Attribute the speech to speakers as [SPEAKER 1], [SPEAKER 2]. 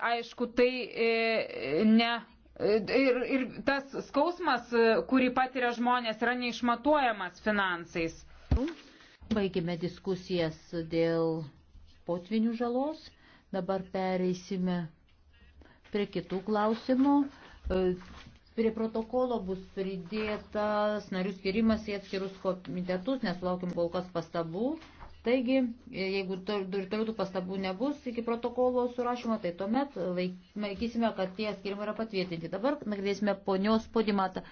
[SPEAKER 1] bet aišku tai e, ne. E, ir, ir tas skausmas, e, kurį patiria žmonės, yra neišmatuojamas finansais.
[SPEAKER 2] Baigėme diskusijas dėl potvinių žalos. Dabar pereisime prie kitų klausimų. Prie protokolo bus pridėtas narių skirimas į atskirus komitetus, nes laukiam kol kas pastabų. Taigi, jeigu toliau tų pastabų nebus iki protokolo surašymo, tai tuomet laikysime, kad tie skirimai yra patvirtinti. Dabar nagrinėsime ponios podimatą.